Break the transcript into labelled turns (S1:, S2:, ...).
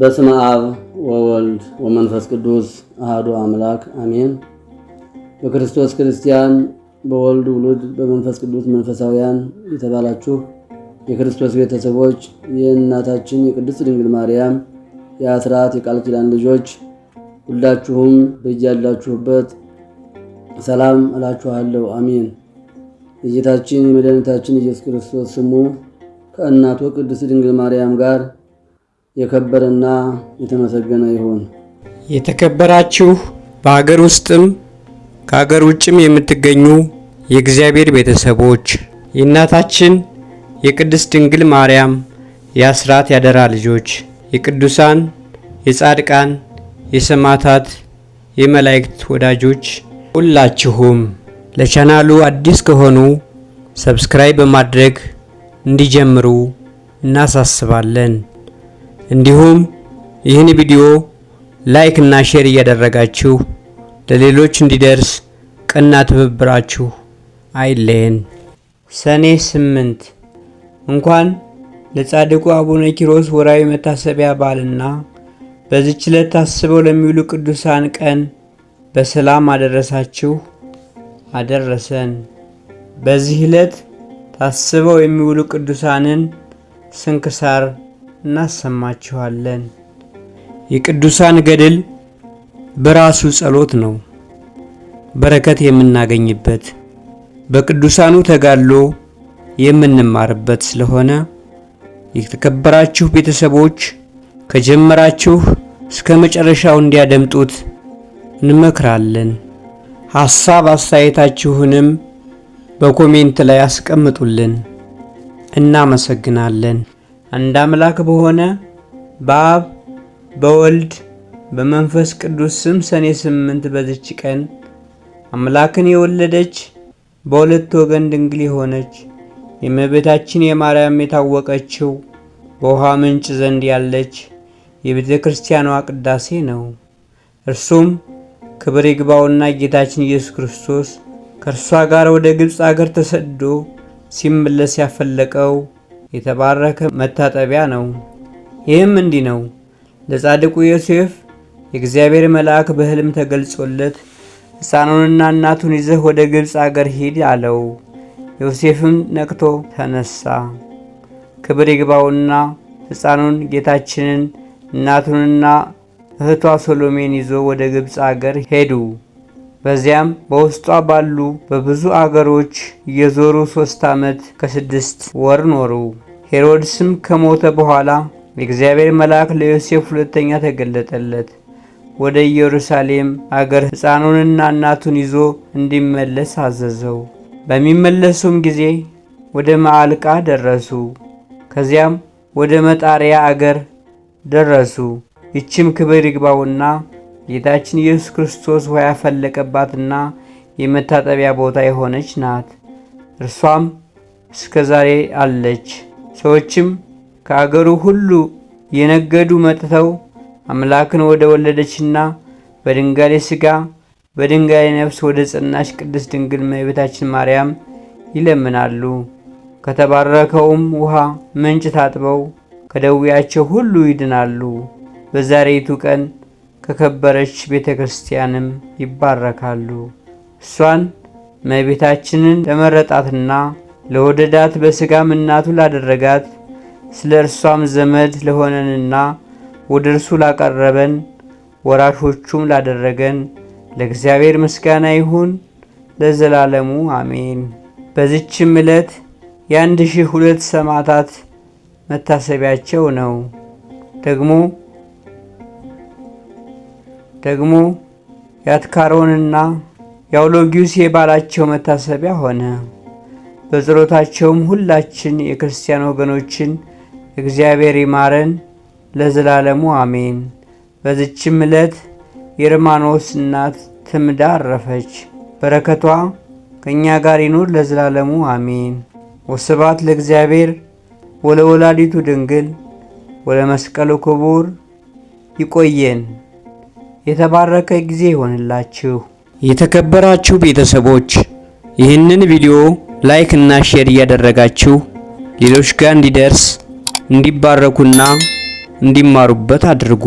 S1: በስመ አብ ወወልድ ወመንፈስ ቅዱስ አህዱ አምላክ አሜን። በክርስቶስ ክርስቲያን በወልድ ውሉድ በመንፈስ ቅዱስ መንፈሳውያን የተባላችሁ የክርስቶስ ቤተሰቦች የእናታችን የቅድስት ድንግል ማርያም የአስራት የቃል ኪዳን ልጆች ሁላችሁም በያላችሁበት ሰላም እላችኋለሁ። አሜን። የጌታችን የመድኃኒታችን ኢየሱስ ክርስቶስ ስሙ ከእናቱ ቅድስት ድንግል ማርያም ጋር የከበረና የተመሰገነ ይሁን።
S2: የተከበራችሁ በሀገር ውስጥም ከሀገር ውጭም የምትገኙ የእግዚአብሔር ቤተሰቦች የእናታችን የቅድስት ድንግል ማርያም የአስራት ያደራ ልጆች የቅዱሳን የጻድቃን የሰማዕታት የመላእክት ወዳጆች ሁላችሁም ለቻናሉ አዲስ ከሆኑ ሰብስክራይብ በማድረግ እንዲጀምሩ እናሳስባለን። እንዲሁም ይህን ቪዲዮ ላይክ እና ሼር እያደረጋችሁ ለሌሎች እንዲደርስ ቀና ትብብራችሁ አይለየን።
S3: ሰኔ ስምንት እንኳን ለጻድቁ አቡነ ኪሮስ ወራዊ መታሰቢያ በዓልና በዚች ዕለት ታስበው ለሚውሉ ቅዱሳን ቀን በሰላም አደረሳችሁ አደረሰን። በዚህ ዕለት ታስበው የሚውሉ ቅዱሳንን ስንክሳር እናሰማችኋለን። የቅዱሳን ገድል በራሱ ጸሎት ነው፣ በረከት የምናገኝበት በቅዱሳኑ ተጋድሎ የምንማርበት ስለሆነ የተከበራችሁ ቤተሰቦች ከጀመራችሁ እስከ መጨረሻው እንዲያደምጡት እንመክራለን። ሐሳብ አስተያየታችሁንም በኮሜንት ላይ አስቀምጡልን። እናመሰግናለን። አንድ አምላክ በሆነ በአብ በወልድ በመንፈስ ቅዱስ ስም ሰኔ ስምንት በዚች ቀን አምላክን የወለደች በሁለት ወገን ድንግል የሆነች የእመቤታችን የማርያም የታወቀችው በውሃ ምንጭ ዘንድ ያለች የቤተ ክርስቲያኗ ቅዳሴ ነው። እርሱም ክብር ይግባውና ጌታችን ኢየሱስ ክርስቶስ ከእርሷ ጋር ወደ ግብፅ አገር ተሰዶ ሲመለስ ያፈለቀው የተባረከ መታጠቢያ ነው። ይህም እንዲህ ነው። ለጻድቁ ዮሴፍ የእግዚአብሔር መልአክ በሕልም ተገልጾለት ሕፃኑንና እናቱን ይዘህ ወደ ግብፅ አገር ሂድ አለው። ዮሴፍም ነቅቶ ተነሳ። ክብር ይግባውና ሕፃኑን ጌታችንን እናቱንና እህቷ ሶሎሜን ይዞ ወደ ግብፅ አገር ሄዱ። በዚያም በውስጧ ባሉ በብዙ አገሮች የዞሩ ሶስት ዓመት ከስድስት ወር ኖሩ። ሄሮድስም ከሞተ በኋላ የእግዚአብሔር መልአክ ለዮሴፍ ሁለተኛ ተገለጠለት። ወደ ኢየሩሳሌም አገር ሕፃኑንና እናቱን ይዞ እንዲመለስ አዘዘው። በሚመለሱም ጊዜ ወደ መዓልቃ ደረሱ። ከዚያም ወደ መጣሪያ አገር ደረሱ። ይችም ክብር ይግባውና ጌታችን ኢየሱስ ክርስቶስ ውሃ ያፈለቀባትና የመታጠቢያ ቦታ የሆነች ናት። እርሷም እስከ ዛሬ አለች። ሰዎችም ከአገሩ ሁሉ የነገዱ መጥተው አምላክን ወደ ወለደችና በድንጋሌ ሥጋ በድንጋሌ ነፍስ ወደ ጽናች ቅድስት ድንግል እመቤታችን ማርያም ይለምናሉ። ከተባረከውም ውሃ ምንጭ ታጥበው ከደዌያቸው ሁሉ ይድናሉ። በዛሬይቱ ቀን ከከበረች ቤተ ክርስቲያንም ይባረካሉ። እሷን መቤታችንን ለመረጣትና ለወደዳት በሥጋም እናቱ ላደረጋት ስለ እርሷም ዘመድ ለሆነንና ወደ እርሱ ላቀረበን ወራሾቹም ላደረገን ለእግዚአብሔር ምስጋና ይሁን ለዘላለሙ አሜን። በዚችም ዕለት የአንድ ሺህ ሁለት ሰማዕታት መታሰቢያቸው ነው። ደግሞ ደግሞ የአትካሮንና የአውሎጊዩስ የባላቸው መታሰቢያ ሆነ። በጸሎታቸውም ሁላችን የክርስቲያን ወገኖችን እግዚአብሔር ይማረን ለዘላለሙ አሜን። በዝችም ዕለት የርማኖስ እናት ትምዳ አረፈች። በረከቷ ከእኛ ጋር ይኑር ለዘላለሙ አሜን። ወስባት ለእግዚአብሔር ወለወላዲቱ ድንግል ወለመስቀሉ ክቡር። ይቆየን። የተባረከ ጊዜ ይሆንላችሁ።
S2: የተከበራችሁ ቤተሰቦች ይህንን ቪዲዮ ላይክ እና ሼር እያደረጋችሁ ሌሎች ጋር እንዲደርስ እንዲባረኩና እንዲማሩበት አድርጉ።